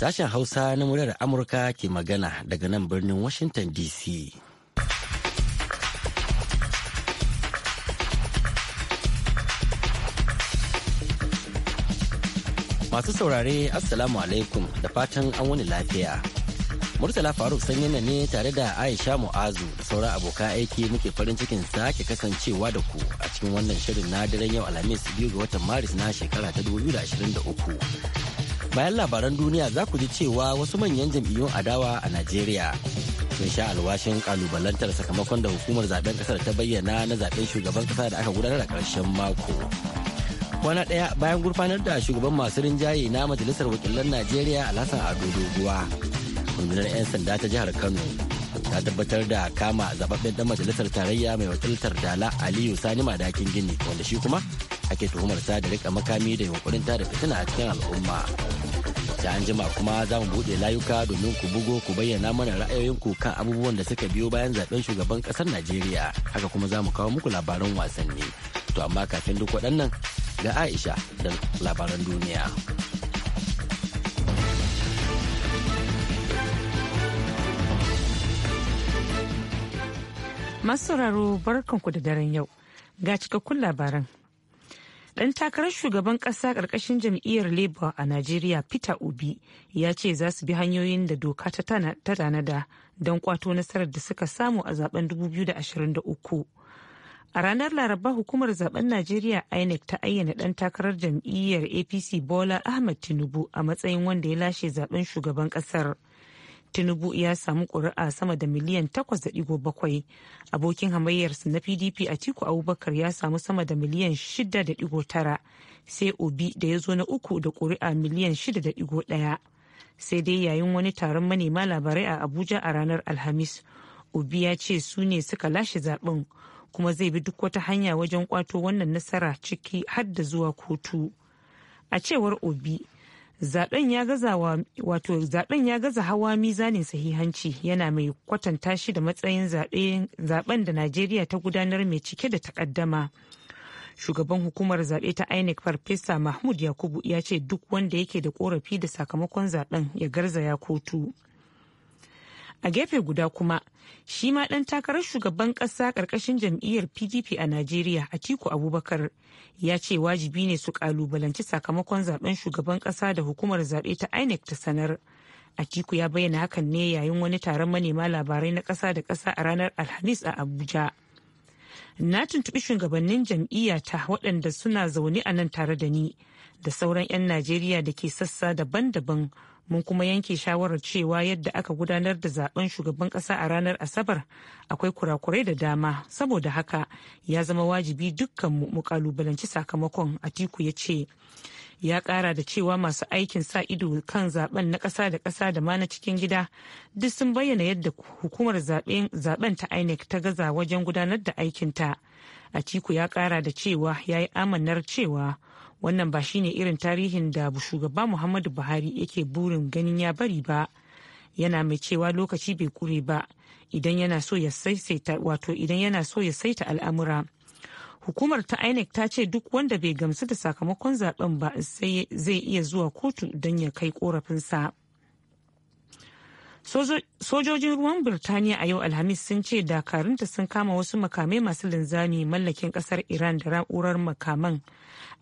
Sashen Hausa na muryar Amurka ke magana daga nan birnin Washington DC. Masu saurare Assalamu alaikum da fatan an wani lafiya. Murtala Faruk sanyina ne tare da Aisha Mu'azu da sauran abokan aiki muke farin cikin sake kasancewa da ku a cikin wannan shirin na daren yau Alhamis biyu ga watan Maris na shekara ta 2023. bayan labaran duniya za ku ji cewa wasu manyan jam'iyyun adawa a najeriya sun sha alwashin kalubalantar sakamakon da hukumar zaben kasar ta bayyana na zaben shugaban kasa da aka gudanar a karshen mako kwana ɗaya bayan gurfanar da shugaban masu rinjaye na majalisar wakilan najeriya alhassan ado doguwa rundunar 'yan sanda ta jihar kano ta tabbatar da kama zababben dan majalisar tarayya mai wakiltar dala aliyu sani madakin gini wanda shi kuma ake tuhumar da rika makami da yunkurin da fitina a cikin al'umma sai an jima kuma za mu buɗe layuka domin ku bugo ku bayyana mana ra'ayoyinku kan abubuwan da suka biyo bayan zaben shugaban ƙasar najeriya haka kuma za mu kawo muku labaran wasanni to amma kafin duk waɗannan ga aisha da labaran duniya masu sauraro barkanku da daren yau ga cikakkun labaran dan takarar shugaban kasa karkashin jam'iyyar labour a najeriya peter obi ya ce za su bi hanyoyin da doka ta tanada don kwato nasarar da suka samu a zaben 2023 a ranar laraba hukumar zaben najeriya inec ta ayyana dan takarar jam'iyyar apc bola ahmed tinubu a matsayin wanda ya lashe zaben shugaban kasar tinubu ya samu ƙuri'a sama da miliyan 8.7 abokin hamayyarsa na pdp a tiku abubakar ya samu sama da miliyan 6.9 sai obi da ya zo na uku da ƙuri'a miliyan 6.1 sai dai yayin wani taron manema labarai a abuja a ranar alhamis obi ya ce su ne suka lashe zaben kuma zai bi duk wata hanya wajen kwato wannan nasara ciki har da zuwa kotu a cewar obi zaben ya gaza wato zaben ya gaza hawa mizanin sahihanci yana mai kwatanta shi da matsayin zaben da najeriya ta gudanar mai cike da takaddama shugaban hukumar zaɓe ta inec farfesa mahmud yakubu ya ce duk wanda yake da korafi da sakamakon zaben ya garzaya kotu a gefe guda kuma shi ma dan takarar shugaban kasa ƙarƙashin jam'iyyar pdp a najeriya atiku abubakar ya ce wajibi ne su ƙalubalanci sakamakon zaben shugaban kasa da hukumar zabe ta inec ta sanar atiku ya bayyana hakan ne yayin wani taron manema labarai na kasa da kasa a ranar alhamis a abuja na tuntubi shugabannin jam'iyyata waɗanda suna zaune a nan tare da ni da sauran 'yan najeriya da ke sassa daban-daban mun kuma yanke shawarar cewa yadda aka gudanar da zaben shugaban kasa a ranar asabar akwai kurakurai da dama saboda haka ya zama wajibi dukkanmu mu kalubalanci sakamakon atiku ya ce ya kara da cewa masu aikin sa ido kan zaben na kasa da kasa da ma na cikin gida duk sun bayyana yadda hukumar zaben ta inec ta gaza wajen gudanar da aikinta atiku ya kara da cewa ya yi amannar cewa wannan ba shine irin tarihin da shugaba muhammadu buhari yake burin ganin ya bari ba yana mai cewa lokaci bai kure ba idan yana so ya saita wato idan yana so ya saita al'amura hukumar ta inec ta ce duk wanda bai gamsu da sakamakon zaben ba sai zai iya zuwa kotu don ya kai korafinsa Sojojin ruwan Birtaniya a yau Alhamis sun ce dakarunta sun kama wasu makamai masu linzami mallakin kasar Iran da na'urar makaman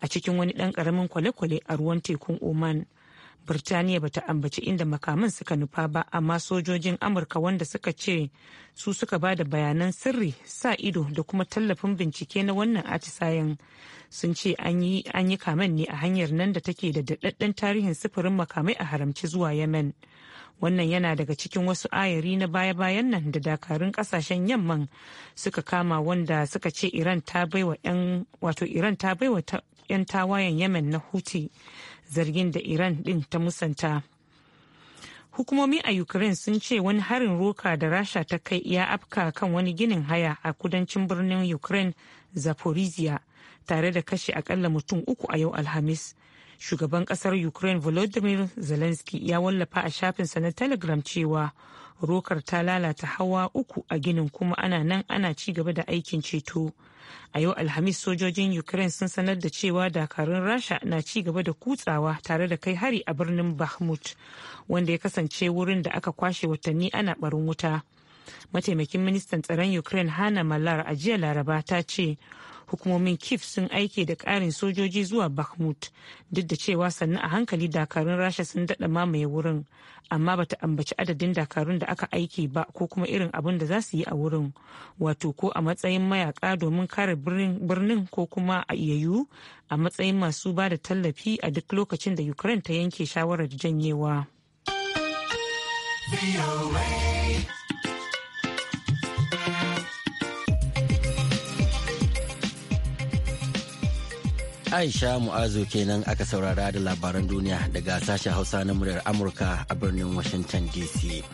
a cikin wani dan karamin kwale-kwale a ruwan tekun Oman. Birtaniya bata ambaci inda makaman suka nufa ba amma sojojin Amurka wanda suka ce su suka ba da bayanan sirri sa ido da kuma tallafin bincike na wannan atisayen sun ce an yi kamen ne a hanyar nan da take da daɗaɗɗen tarihin sufurin makamai a haramci zuwa Yemen. wannan yana daga cikin wasu ayari na baya-bayan nan da dakarun kasashen yamman suka kama wanda suka ce iran ta baiwa 'yan tawayen yamen na huti zargin da iran din ta musanta hukumomi a ukraine sun ce wani harin roka da rasha ta kai ya afka kan wani ginin haya a kudancin birnin ukraine zaporizhia tare da kashe akalla mutum uku a yau alhamis shugaban kasar ukraine volodymyr zelensky ya wallafa a shafinsa na telegram cewa rokar ta lalata hawa uku a ginin kuma ana nan ana ci gaba da aikin ceto a yau alhamis sojojin ukraine sun sanar da cewa dakarun rasha na ci gaba da kutsawa tare da kai hari a birnin bahmut wanda ya kasance wurin da aka kwashe watanni ana barin wuta mataimakin ministan tsaron ukraine hana malar a jiya laraba ta ce hukumomin kif sun aike da ƙarin sojoji zuwa bakhmut duk da cewa sannu a hankali dakarun rasha sun daɗa mamaye wurin amma bata ambaci adadin dakarun da aka aiki ba ko kuma irin abin da za su yi a wurin wato ko a matsayin mayaka domin kare birnin ko kuma a iyayu a matsayin masu ba da tallafi a duk lokacin da ukraine ta yanke shawarar janyewa. Aisha Mu'azu kenan aka saurara da labaran duniya daga sashen Hausa na muryar Amurka a birnin Washington DC.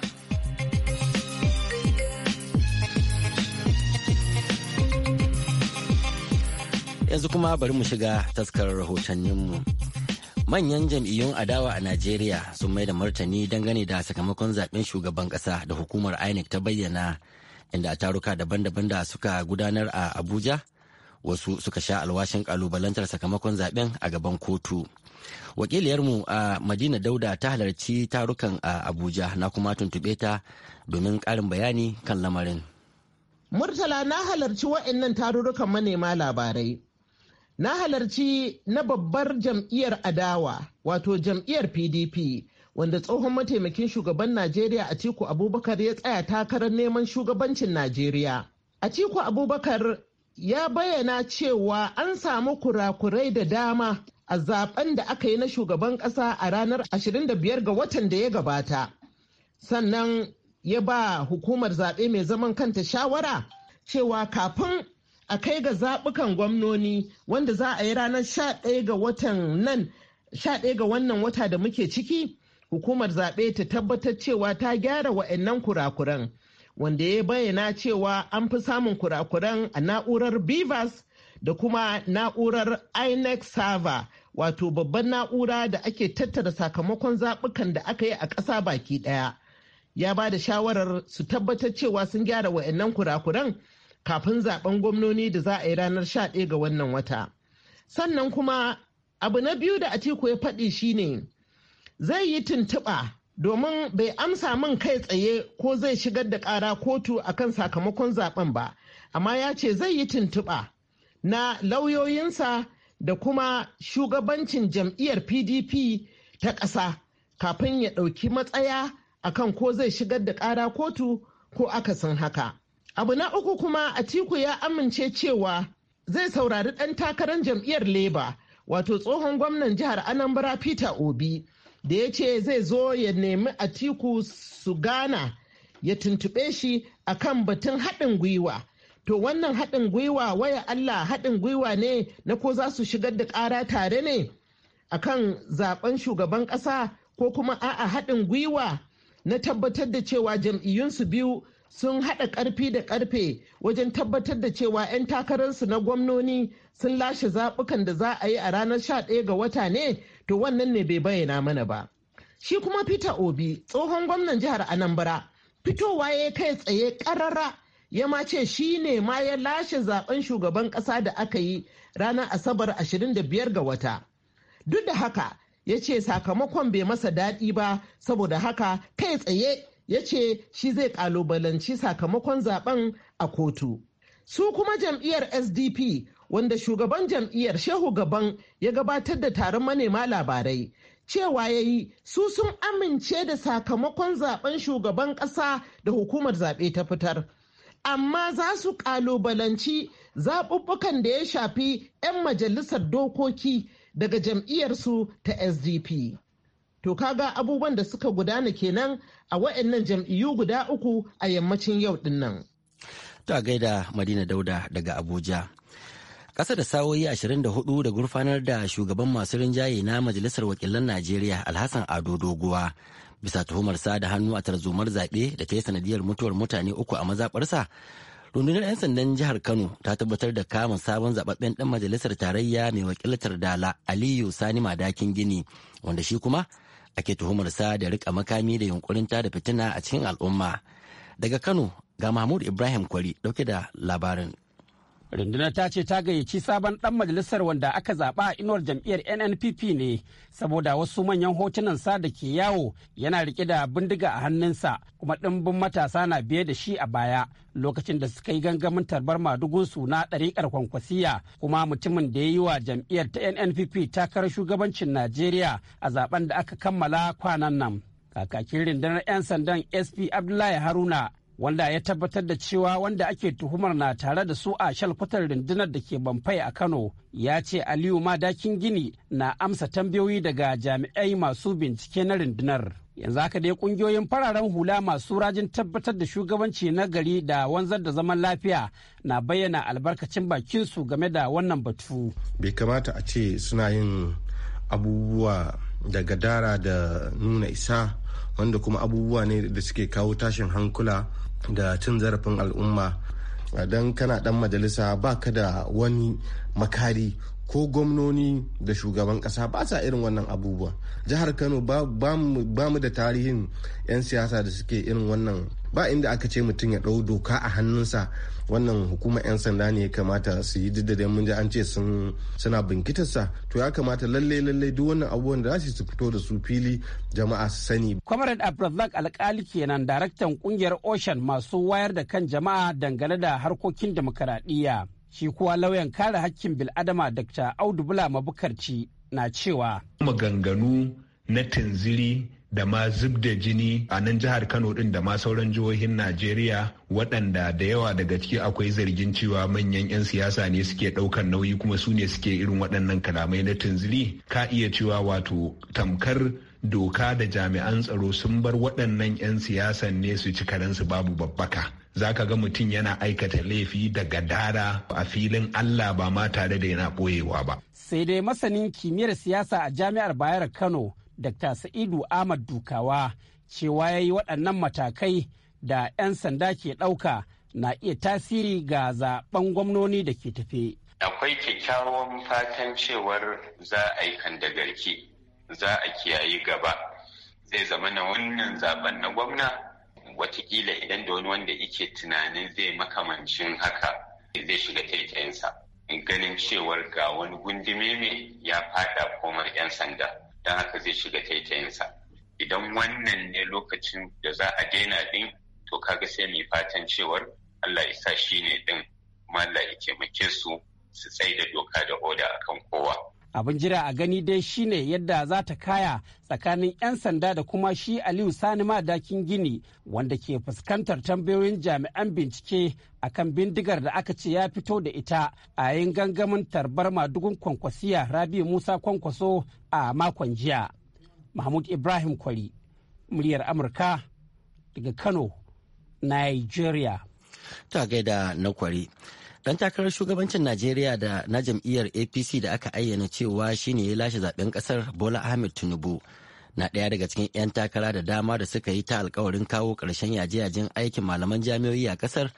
Yanzu kuma bari mu shiga taskar rahotanninmu. Manyan jam'iyyun adawa a Najeriya sun mai da martani dangane da sakamakon zaben shugaban ƙasa da hukumar INEC ta bayyana inda a taruka daban-daban da suka gudanar a Abuja. wasu suka sha alwashin kalubalantar sakamakon zaben a gaban kotu wakiliyarmu a madina dauda ta halarci tarukan a abuja na kuma tuntube ta domin karin bayani kan lamarin murtala na halarci wa'annan tarurrukan manema labarai na halarci na babbar jam'iyyar adawa wato jam'iyyar pdp wanda tsohon mataimakin shugaban najeriya a atiku abubakar ya tsaya takarar neman shugabancin najeriya atiku abubakar ya bayyana cewa an samu kurakurai da dama a zaben da aka yi na shugaban kasa a ranar 25 ga watan da ya gabata. Sannan ya ba hukumar zaɓe mai zaman kanta shawara cewa kafin a kai ga zaɓukan gwamnoni wanda za a yi ranar 11 ga watan nan 11 ga wannan wata da muke ciki hukumar zaɓe ta tabbatar cewa ta gyara wa'annan kurakuran. wanda ya bayyana cewa an fi samun kurakuran a na'urar Bivas da kuma na'urar INEC server wato babban na'ura da ake tattara sakamakon zaɓukan da aka yi a ƙasa baki ɗaya. Ya ba da shawarar su tabbatar cewa sun gyara wa'annan kurakuran kafin zaben gwamnoni da za a yi ranar 11 ga wannan wata. Sannan kuma abu na biyu da Atiku ya faɗi shine zai yi tuntuɓa domin bai amsa min kai tsaye ko zai shigar da ƙara kotu akan sakamakon zaben ba amma ya ce zai yi tuntuɓa na lauyoyinsa da kuma shugabancin jam'iyyar pdp ta ƙasa kafin ya ɗauki matsaya akan ko zai shigar da ƙara kotu ko akasin haka abu na uku kuma atiku ya amince cewa zai saurari ɗan takarar jam'iyyar leba wato tsohon gwamnan jihar anambra peter obi da ya ce zai zo ya nemi atiku su gana ya tuntube shi akan batun haɗin gwiwa to wannan haɗin gwiwa waya allah haɗin gwiwa ne na ko za su shigar da ƙara tare ne akan zaɓen shugaban ƙasa ko kuma a'a haɗin gwiwa na tabbatar da cewa su biyu sun haɗa ƙarfi da ƙarfe wajen tabbatar da cewa 'yan takararsu na gwamnoni sun lashe zaɓukan da za a yi a ranar 11 ga wata ne to wannan ne bai bayyana mana ba shi kuma fita obi tsohon gwamnan jihar anambra fitowa ya kai tsaye karara ya ma ce shi ne ma ya lashe zaben shugaban kasa da aka yi ranar asabar 25 ga wata duk da haka ya ce sakamakon bai masa daɗi ba saboda haka kai tsaye ya ce shi zai kalubalanci sakamakon zaben a kotu su kuma jam'iyyar sdp wanda shugaban jam'iyyar shehu gaban ya gabatar da taron manema labarai cewa ya yi su sun amince da sakamakon zaben shugaban ƙasa da hukumar zaɓe ta fitar amma za su ƙalubalanci zaɓuɓɓukan da ya shafi 'yan majalisar dokoki daga jam'iyyarsu ta sdp to kaga abubuwan da suka gudana kenan a wa'annan jam'iyyu guda uku a yammacin yau dinnan. ta gaida madina dauda daga abuja Ƙasa da sawoyi 24 da gurfanar da shugaban masu rinjaye na Majalisar Wakilan Najeriya Alhassan Ado Doguwa bisa tuhumarsa da hannu a tarzomar zaɓe da ta yi sanadiyar mutuwar mutane uku a mazaɓarsa. Rundunar 'yan sandan jihar Kano ta tabbatar da kamun sabon zaɓaɓɓen ɗan majalisar tarayya mai wakiltar Dala Aliyu Sani Madakin Gini wanda shi kuma ake tuhumarsa da rika makami da yunkurin da fitina a cikin al'umma. Daga Kano ga Mahmud Ibrahim Kwari ɗauke da labarin. rundunar ta ce ta gayyaci sabon dan majalisar wanda aka zaɓa a inuwar jam'iyyar nnpp ne saboda wasu manyan hotunan sa da ke yawo yana rike da bindiga a hannunsa kuma ɗimbin matasa na biye da shi a baya lokacin da suka yi gangamin tarbar madugunsu na ɗariƙar kwankwasiya kuma mutumin da ya yi wa jam'iyyar ta nnpp takarar shugabancin najeriya a zaben da aka kammala kwanan nan kakakin rundunar 'yan sandan sp abdullahi haruna wanda ya tabbatar da cewa wanda ake tuhumar na tare da su a shalkwatar rundunar da ke bamfai a kano ya ce aliyu madakin gini na amsa tambayoyi daga jami'ai masu bincike na rundunar yanzu haka dai kungiyoyin fararen hula masu rajin tabbatar da shugabanci na gari da wanzar da zaman lafiya na bayyana albarkacin bakinsu game da wannan batu bai kamata a ce suna yin abubuwa da gadara da nuna isa wanda kuma abubuwa ne da suke kawo tashin hankula da cin zarafin al'umma don kana dan majalisa ba ka da wani makari ko gwamnoni da shugaban kasa ba sa irin wannan abubuwa jihar kano ba mu da tarihin 'yan siyasa da suke irin wannan ba inda aka ce mutum ya ɗau doka a hannunsa wannan hukumar 'yan sanda ne ya kamata su yi duk mun ji an ce suna binkitarsa to ya kamata lalle lalle duk wannan abubuwan da za su fito da su fili jama'a su sani. comrade abdulrazak alkali kenan daraktan kungiyar ocean masu wayar da kan jama'a dangane da harkokin demokaradiyya shi kuwa lauyan kare hakkin bil'adama dr audu bula mabukarci na cewa maganganu na Tinziri da ma zub da jini a nan jihar kano din da ma sauran jihohin najeriya waɗanda da yawa daga ciki akwai zargin cewa manyan 'yan siyasa ne suke ɗaukar nauyi kuma su ne suke irin waɗannan kalamai na Tinziri. ka iya cewa wato tamkar doka da jami'an tsaro sun bar waɗannan 'yan siyasan ne su ci karensu babu babbaka za ka ga mutum yana aikata laifi daga dara a filin Allah ba ma tare da yana ɓoyewa ba. Sai dai masanin kimiyyar siyasa a jami'ar Bayar Kano, Dr. Sa'idu Ahmad Dukawa, cewa ya yi waɗannan matakai da 'yan sanda ke ɗauka na iya tasiri ga zaɓen gwamnoni da ke tafe. Akwai kyakkyawan fatan cewar za a yi kandagarki, za a kiyayi gaba. Zai zama na wannan zaɓen na gwamna watakila idan da wani wanda yake tunanin zai makamancin haka zai shiga in ganin cewar ga wani gundume ne ya fada komar 'yan sanda don haka zai shiga taitayinsa. idan wannan ne lokacin da za a daina din to kaga sai mai fatan cewar Allah Isa shi ne din kuma ya su su tsaida doka da oda akan kowa abin jira a gani dai shine yadda za ta kaya tsakanin 'yan sanda da kuma shi aliyu sani madakin gini wanda ke fuskantar tambayoyin jami'an bincike a kan bindigar da aka ce ya fito da ita a yayin gangamin tarbar madugun kwankwasiya rabi musa kwankwaso a makon jiya mahmud ibrahim kwari muryar amurka daga kano nigeria ta gaida na kwari Dan takarar shugabancin Najeriya da na jam'iyyar APC da aka ayyana cewa shine ya lashe zaben kasar Bola Ahmed Tinubu na ɗaya daga cikin 'yan takara da dama da suka yi ta alkawarin kawo ƙarshen yaje-yajen aikin malaman jami'o'i a ƙasar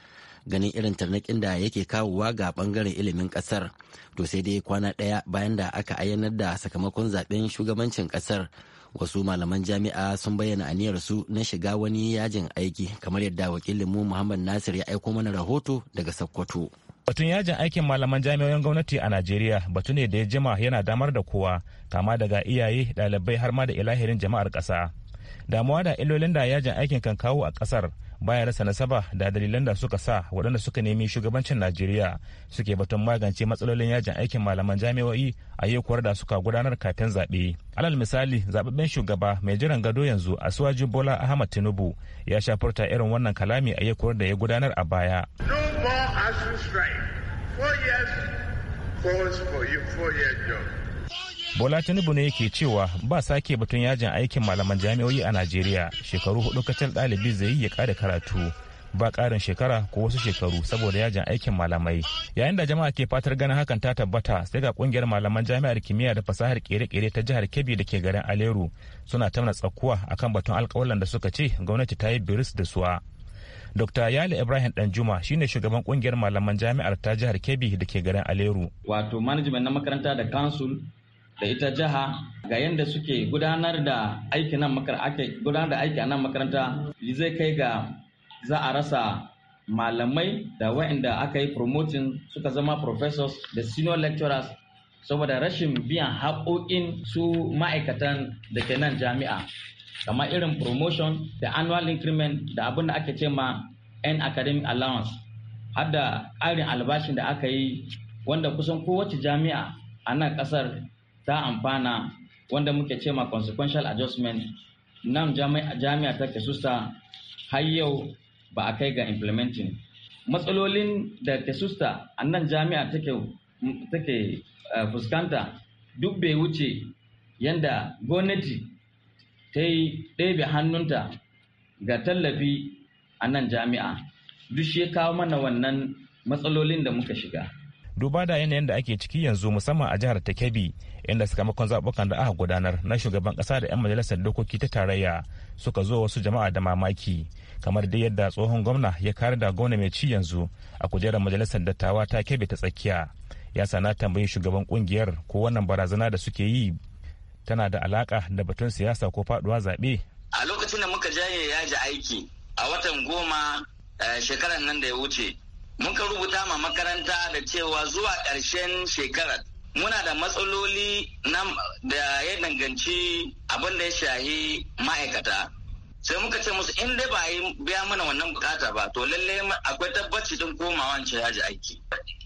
ganin irin tarnakin da yake kawowa ga ɓangaren ilimin ƙasar to sai dai kwana ɗaya bayan da aka ayyanar da sakamakon zaɓen shugabancin ƙasar wasu malaman jami'a sun bayyana aniyarsu na shiga wani yajin aiki kamar yadda wakilinmu muhammad nasir ya aiko mana rahoto daga sokoto. Batun yajin aikin malaman jami'oyin gwamnati a Najeriya batu ne da ya jima yana damar da kowa kama daga iyaye, ɗalibai har ma da ilahirin jama'ar ƙasa. damuwa da illolin da yajin aikin kan kawo a kasar baya rasa nasaba da dalilan da suka sa waɗanda suka nemi shugabancin najeriya suke batun magance matsalolin yajin aikin malaman jami'o'i a yekuwar da suka gudanar kafin zaɓe alal misali zaɓaɓɓen shugaba mai jiran gado yanzu a suwaji bola ahmad tinubu ya shafurta irin wannan kalami a yekuwar da ya gudanar a baya Four years, for you, four years job. bola tinubu ne yake cewa ba sake batun yajin aikin malaman jami'o'i a najeriya shekaru hudu kacal ɗalibi zai yi ya kare karatu ba ƙarin shekara ko wasu shekaru saboda yajin aikin malamai yayin da jama'a ke fatar ganin hakan ta tabbata sai ga ƙungiyar malaman jami'ar kimiyya da fasahar kere-kere ta jihar kebbi da ke garin aleru suna tamna tsakuwa akan batun alƙawalan da suka ce gwamnati ta yi biris da suwa Dr. Yali Ibrahim Danjuma shine shugaban kungiyar malaman jami'ar ta jihar Kebbi da ke garin Aleru. Wato management na makaranta da council da ita jiha ga yadda suke gudanar da aiki nan gudanar da a nan makaranta zai kai ga za a rasa malamai da waɗanda aka yi promoting suka zama professors da senior lecturers saboda rashin biyan haƙoƙin su ma'aikatan da ke nan jami'a kama irin promotion da annual increment da abin da ake ce ma n academic allowance har da ƙarin albashin da aka yi wanda kusan kowace jami'a a nan ƙasar ta amfana wanda muke ce ma consequential adjustment nan jami'a ta kesusta har yau ba a kai ga implementing matsalolin da kesusta a nan jami'a take eh, fuskanta duk bai wuce yadda gwamnati ta yi ɗebe hannunta ga tallafi a nan jami'a duk shi kawo mana wannan matsalolin da muka shiga duba da yanayin da ake ciki yanzu musamman a jihar ta kebbi inda sakamakon zaɓukan da aka gudanar na shugaban ƙasa da 'yan majalisar dokoki ta tarayya suka zo wasu jama'a da mamaki kamar dai yadda tsohon gwamna ya kare da gwamna mai ci yanzu a kujerar majalisar dattawa ta kebbi ta tsakiya ya sana tambayi shugaban kungiyar ko wannan barazana da suke yi tana da alaka da batun siyasa ko faɗuwa zaɓe. a lokacin da muka jaye yaji aiki a watan goma eh, shekarar nan da ya wuce muka rubuta ma makaranta da cewa zuwa ƙarshen shekarar muna da matsaloli da ya danganci abin da ya shahi ma'aikata sai muka ce musu in dai ba yi biya mana wannan bukata ba to lalle akwai tabbaci din komawa ce yaji aiki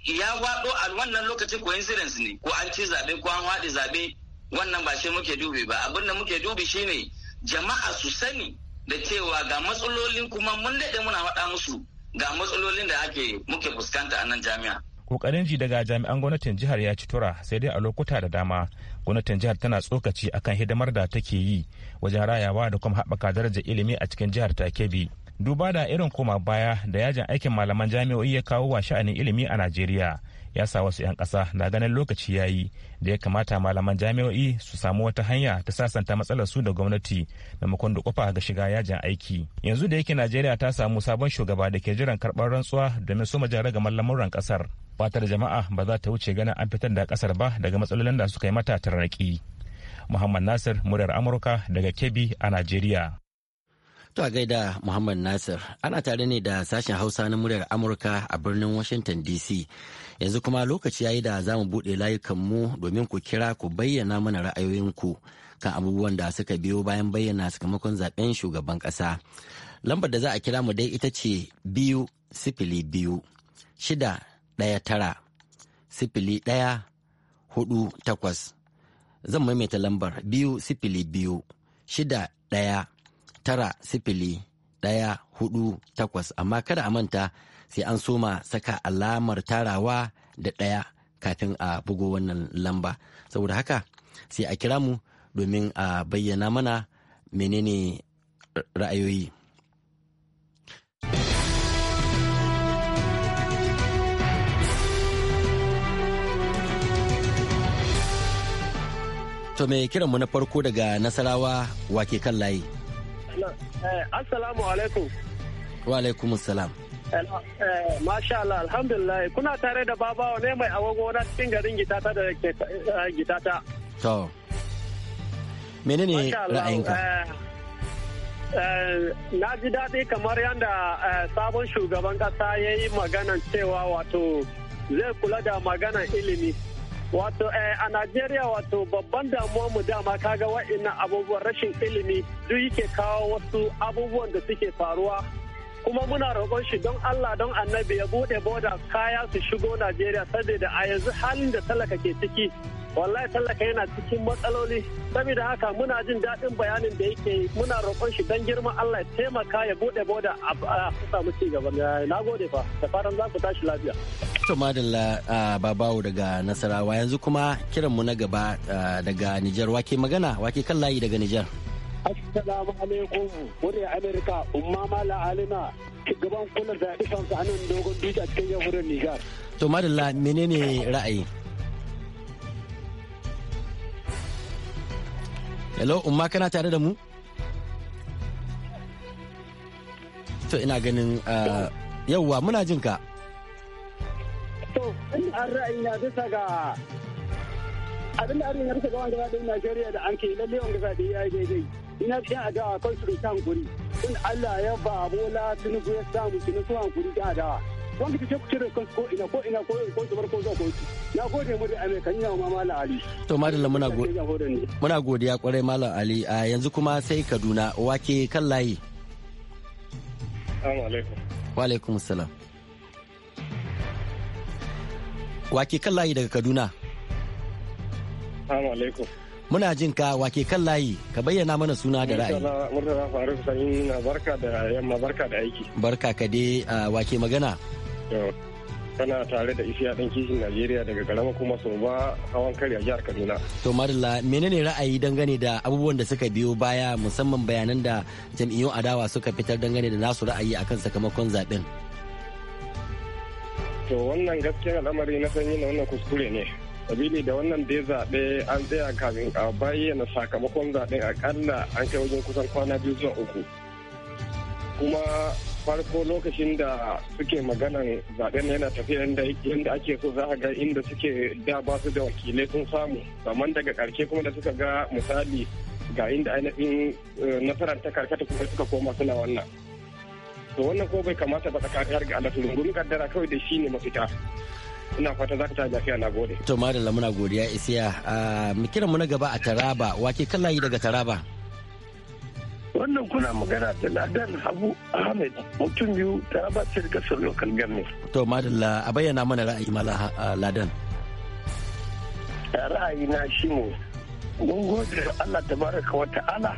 ya gwado a wannan lokacin coincidence ne ko an ci zabe ko an haɗe zabe wannan ba shi muke dubi ba abin da muke dubi shine jama'a su sani da cewa ga matsalolin kuma mun daɗe muna faɗa musu ga matsalolin da ake muke fuskanta a nan jami'a kokarin ji daga jami'an gwamnatin jihar ya ci tura sai dai a lokuta da dama gwamnatin jihar tana tsokaci akan hidimar da take yi wajen rayawa da kuma haɓaka darajar ilimi a cikin jihar takebi duba da irin koma baya da yajin aikin malaman jami'o'i ya kawo wa sha'anin ilimi a najeriya ya sa wasu 'yan ƙasa na ganin lokaci ya yi da ya kamata malaman jami'o'i su samu wata hanya ta sasanta matsalar su da gwamnati maimakon da kofa ga shiga yajin aiki yanzu da yake najeriya ta samu sabon shugaba da ke jiran karɓar rantsuwa domin su majara ga mallamuran ƙasar fatar jama'a ba za ta wuce ganin an fitar da ƙasar ba daga matsalolin da suka yi mata tarraki muhammad nasir muryar amurka daga kebbi a najeriya To a gaida Muhammad Nasir ana tare ne da sashen Hausa na muryar Amurka a birnin Washington DC. Yanzu kuma lokaci ya yi da za mu buɗe layukanmu domin ku kira ku bayyana mana ra'ayoyinku kan abubuwan da suka biyo bayan bayyana sakamakon zaben shugaban ƙasa. Lambar da za a kira mu dai ita ce biyu sifili biyu shida ɗaya tara sifili ɗaya hudu takwas. Zan maimaita lambar biyu sifili biyu shida ɗaya tara sifili ɗaya hudu takwas amma kada a manta sai an soma saka alamar tarawa da ɗaya kafin a bugo wannan lamba saboda haka sai a kira mu domin a bayyana mana menene ra'ayoyi. To mai kiranmu na farko daga Nasarawa wake kan layi. Eh, assalamu alaikum. Wa alaikum salam. Eh, masha Allah, alhamdulillah. Kuna tare da babawa ne mai agogo na cikin garin gitata da ke eh, gitata. To. Menene ra'ayinka? Na ji daɗi kamar yadda sabon shugaban ƙasa ya yi magana cewa wato zai kula da maganan ilimi. Wato eh, a Najeriya wato babban damuwar mu dama kaga wa'annan abubuwan rashin ilimi duk yake kawo wasu abubuwan da suke faruwa kuma muna roƙon shi don Allah don annabi ya buɗe boda kaya su shigo Najeriya saboda a yanzu halin da talaka ke ciki wallahi tallaka yana cikin matsaloli saboda haka muna jin daɗin bayanin da yake muna roƙon shi don girman Allah ya taimaka ya bude boda a samu ci gaba na gode fa da fatan za ku tashi lafiya to madalla babawo daga nasarawa yanzu kuma kiran mu na gaba daga Nijar wake magana wake kan layi daga Nijar Assalamu alaikum wuri Amerika umma mala alima gaban kula da sa anan dogon duka cikin yahudan Nijar to madalla menene ra'ayi hello umma kana tare da mu to ina ganin ah, yauwa muna jin ka to an ya bisa ga abin da arin yarsa ga wanda ba ɗin Najeriya da an ke lalle wanda ba da yayi daidai ina cikin adawa kan su da guri in Allah ya ba bola tunubu ya samu tunubu a guri da adawa wanda ke na gode mu da kan yi ma malam ali to muna godiya muna kwarai malam ali a yanzu kuma sai kaduna wake kan layi wa alaikum assalam wake kan layi daga kaduna muna jin ka wake kan layi ka bayyana mana suna da ra'ayi murtala faruk barka da yamma barka da aiki barka ka dai wake magana kana tare da isiya ɗan kishin najeriya daga garama kuma sau ba hawan kari a jihar kaduna to mene ne ra'ayi dangane da abubuwan da suka biyo baya musamman bayanan da jam'iyyun adawa suka fitar dangane da nasu ra'ayi akan sakamakon zaɓen. to wannan gaskiyar al'amari na sanyi na wannan kuskure ne sabili da wannan dai zaɓe an tsaya kafin a bayyana sakamakon zaɓe akalla an kai wajen kusan kwana biyu zuwa uku kuma farko lokacin da suke maganan zaben yana tafiya yadda ake so za a ga inda suke da ba su da wakilai sun samu kamar daga karshe kuma da suka ga misali ga inda ainihin eh, nasarar ta karkata kuma suka koma suna wannan to wannan ko bai kamata ba tsakanin ga alatu lungun kaddara kawai da shi ne mafita ina fata za ka ta lafiya na gode to madalla muna godiya isiya ah, mu kiran mu na gaba a taraba wake kallayi daga taraba wannan kuna magana da ladan habu ahmed mutum biyu ta rabatar gasar local government to madalla a bayyana mana ra'ayi mala ladan ra'ayi na shi ne mun gode allah tabaraka wa ta'ala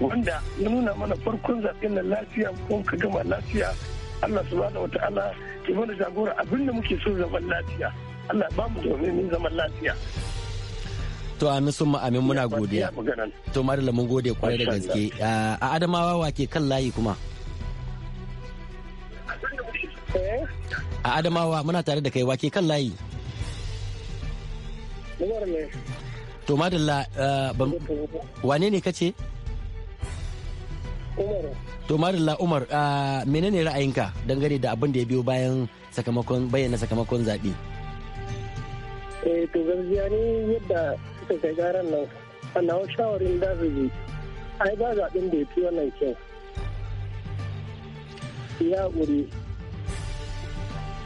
wanda ya nuna mana farkon zaɓen na lafiya ko ka gama lafiya allah subhanahu wa ta'ala ya mana jagora abinda muke so zaman lafiya allah ba mu domin zaman lafiya to amin sun amin muna godiya to madalla mun gode kwarai da gaske a adamawa wa ke kan layi kuma a adamawa muna tare da kai wa ke kan layi to madalla wane ne kace to madalla umar menene ra'ayinka dangane da abin da ya biyo bayan sakamakon bayyana sakamakon zaɓe? eh to gaskiya ne yadda sai kai garan nan a nawa shawarin da zai ai ba zaɓin da ya fi wannan kyau ya guri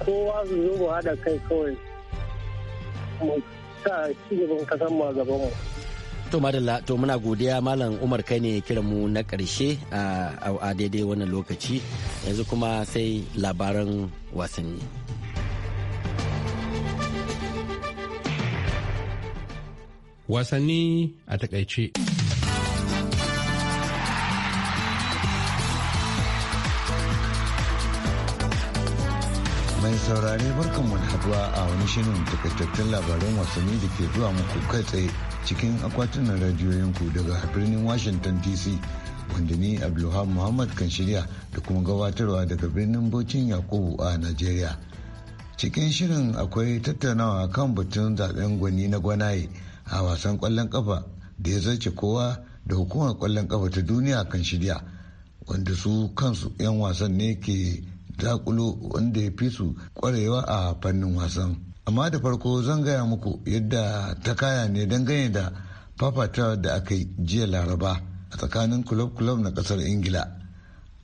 kowa su zo mu da kai kawai mu sa ci gaban kasan mu a gaban mu To madalla to muna godiya Malam Umar kai ne kiran mu na ƙarshe a daidai wannan lokaci yanzu kuma sai labaran wasanni. wasanni a takaice. mai saurare barkanmu da haduwa a wani shirin takaitattun labaran wasanni da ke zuwa muku kai tsaye cikin akwatunan radiyoyinku daga birnin washington dc wanda ni abdulham muhammad kan shirya da kuma gabatarwa daga birnin bocin yakubu a nigeria cikin shirin akwai tattaunawa kan batun zaben gwani na gwanaye a wasan kwallon kafa da ya zarce kowa da hukumar kwallon kafa ta duniya kan shirya wanda su kansu 'yan wasan ne ke zakulo wanda ya fi su kwarewa a fannin wasan amma da farko zan gaya muku yadda ta kaya ne dangane da fafata da aka yi jiya laraba a tsakanin kulob-kulob na kasar ingila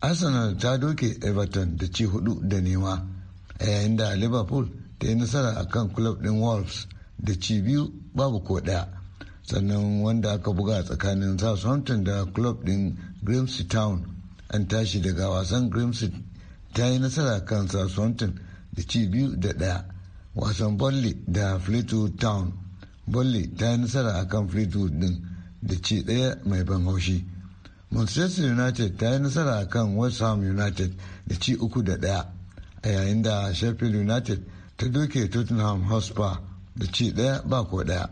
arsenal ta doke everton da ci hudu da nema a yayin da liverpool ta yi nasara a kan kulob din wolves da ci biyu babu ko ɗaya sannan wanda aka buga tsakanin southampton da club din grimsey town an tashi daga wasan grimsey ta yi nasara kan southampton da ci biyu da ɗaya wasan bolly da fleetwood town bolly ta yi nasara akan fleetwood din da ci ɗaya mai ban haushi manchester united ta yi nasara akan west ham united da ci uku da ɗaya a yayin da sheffield united ta doke tottenham hotspur da ci daya ba ko daya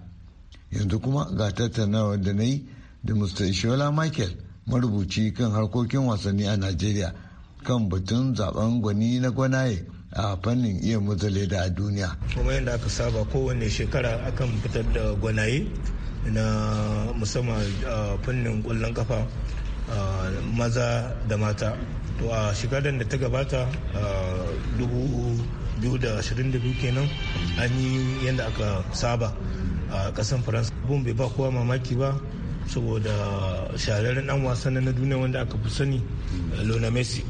yanzu kuma ga tattaunawar da na yi da mr ishola michael marubuci kan harkokin wasanni a nigeria kan batun zaben gwani na gwanaye a fannin iya mutsale da a duniya kuma yadda aka saba kowane shekara akan fitar da gwanaye na musamman fannin kwallon kafa maza da mata to a shekarar da ta gabata dubu 2022 kenan an yi yadda aka saba a kasan faransa abun bai ba kowa mamaki ba saboda shahararren dan wasan na duniya wanda aka fi sani lona messi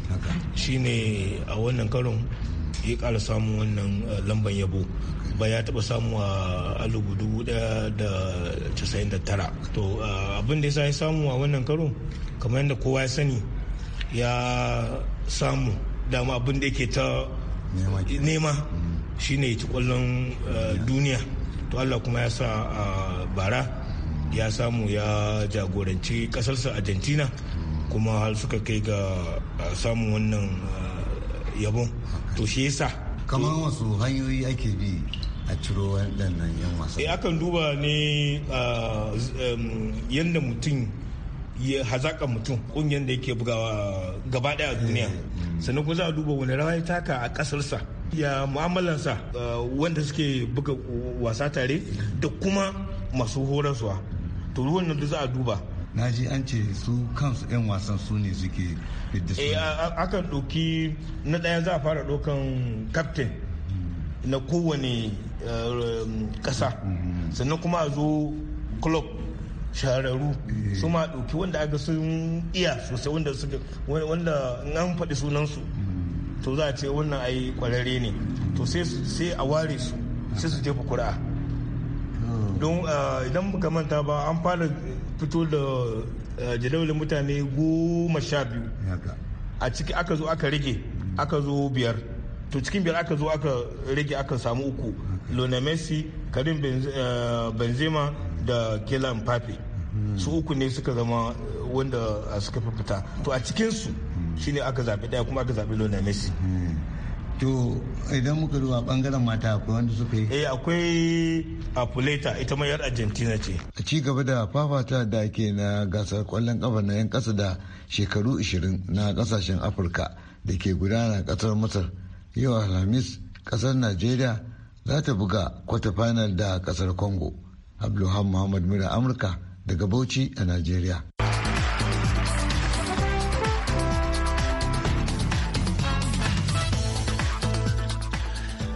shine a wannan karon ya kara samun wannan eh, lamban yabo ba ya taba samu a alubu dubu da casa'in da tara to eh, abin da ya ya samu a wannan karo kamar yadda kowa ya sani ya samu dama abin da yake ta nema mm. shine ya ci kwallon uh, duniya to allah kuma ya sa a uh, bara ya samu ya jagoranci kasarsa argentina kuma har suka kai ga uh, samun wannan yabon to shi yasa kamar wasu hanyoyi ake bi a ciro waɗannan yan wasa e eh, akan duba ne um, yadda mutum ya hazaƙa mutum ƙungiyar da yake bugawa gaba ɗaya a duniya eh. sannan kuma za a duba wani rawa ya taka a kasarsa ya mu'amalansa uh, wanda suke buga wasa tare da kuma masu horaswa to ruwan nan da za a duba na ji an ce su kansu 'yan wasan su ne suke fidda su eh, akan ɗauki na ɗaya za a fara ɗaukan kaftin na kowane uh, ƙasa mm-hmm. sannan kuma a zo club shahararru eh. su ma ɗauki wanda aka sun iya sosai wanda suka wanda an faɗi sunansu hmm. to za a ce wannan ai ƙwararre ne to sai a ware su sai su jefa ƙura'a oh. don ah, idan muka manta ba an fara fito da ah, jadawalin mutane goma sha biyu a ciki aka zo aka rage hmm. aka zo biyar to cikin biyar aka zo aka rage aka samu uku lona messi karim benzema ah, da kelan pape su uku ne suka zama eh, wanda eh, suka fi fita to a cikinsu shine aka zaɓi ɗaya kuma aka zaɓi lona messi to idan muka duba bangaren mata akwai wanda suka yi eh akwai apuleta ita ma yar argentina ce a ci gaba da fafata da ke na gasar kwallon kafa na yan kasa da shekaru 20 na kasashen afirka da ke gudana kasar masar yau alhamis kasar najeriya za ta buga kwata final da kasar congo abdulhamu muhammad mura amurka daga Bauchi a Najeriya.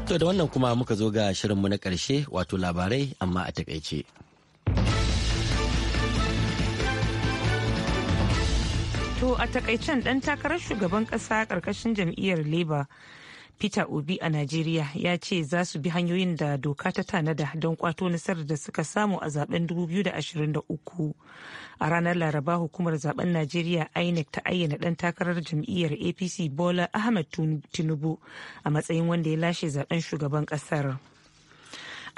To da wannan kuma muka zo ga shirinmu na ƙarshe wato labarai amma a takaice. To a takaicen ɗan takarar shugaban ƙasa ƙarƙashin jam'iyyar Labour peter obi a najeriya ya ce za su bi hanyoyin da doka ta tanada don kwato nasarar da suka samu a zaben 2023 a ranar laraba hukumar zaben najeriya inec ta ayyana dan takarar jam'iyyar apc bola ahmed tinubu a matsayin wanda ya lashe zaben shugaban kasar.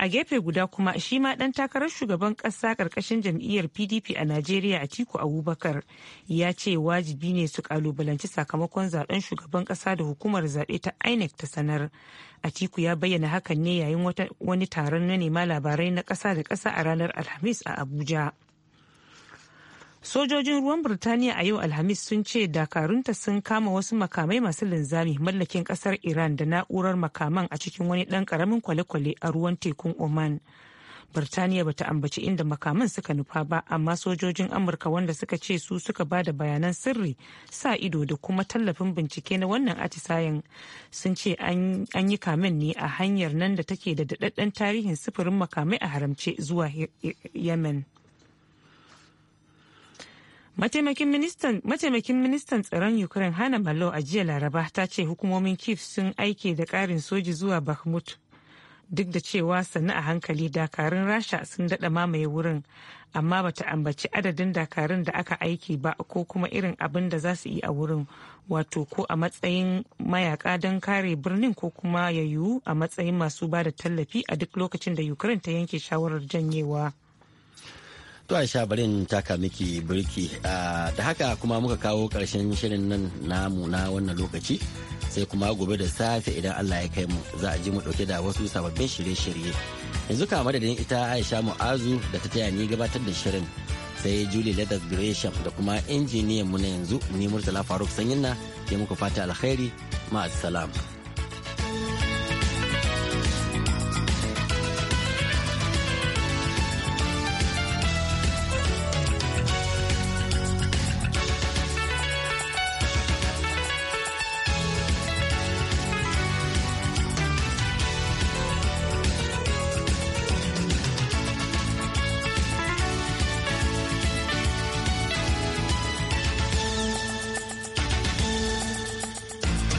a gefe guda kuma shi ma dan takarar shugaban kasa karkashin jam'iyyar pdp a najeriya atiku abubakar ya ce wajibi ne su kalubalanci sakamakon zaben shugaban kasa da hukumar zaɓe ta inec ta sanar atiku ya bayyana hakan ne yayin wani taron na nema labarai na kasa da kasa a ranar alhamis a abuja sojojin ruwan burtaniya a yau alhamis sun ce dakarunta sun kama wasu makamai masu linzami mallakin kasar iran da na'urar makaman a cikin wani dan karamin kwale-kwale a ruwan tekun oman burtaniya bata ambaci inda makaman suka nufa ba amma sojojin amurka wanda suka ce su suka ba da bayanan sirri sa ido da kuma tallafin bincike na wannan atisayen sun ce an yi kamen ne a hanyar nan da take da daɗaɗɗen tarihin sufurin makamai a haramce zuwa yemen Mataimakin ministan tsaron Ukraine Hana Malo a jiya Laraba ta ce hukumomin Kiev sun aike da ƙarin soji zuwa Bakhmut. Duk da cewa sannu a hankali dakarun Rasha sun daɗa mamaye wurin, amma bata ambaci adadin dakarun da aka aiki ba ko kuma irin abin da za su yi a wurin, wato ko a matsayin mayaka don kare birnin ko kuma ya yiwu a matsayin masu ba da tallafi a duk lokacin da Ukraine ta yanke shawarar janyewa. To Aisha bari barin taka miki birki ah, da haka kuma muka kawo karshen shirin nan namu na wannan lokaci sai kuma gobe da safe idan Allah ya kai mu za a ji mu ɗauke da wasu sababbin shirye-shirye. Yanzu kama madadin ita Aisha Mu'azu da ta taya ni gabatar da shirin sai Julie Ladas Gresham da kuma injiniyan mu na yanzu ni Murtala Faruk Sanyinna ke muka fata alkhairi maasalam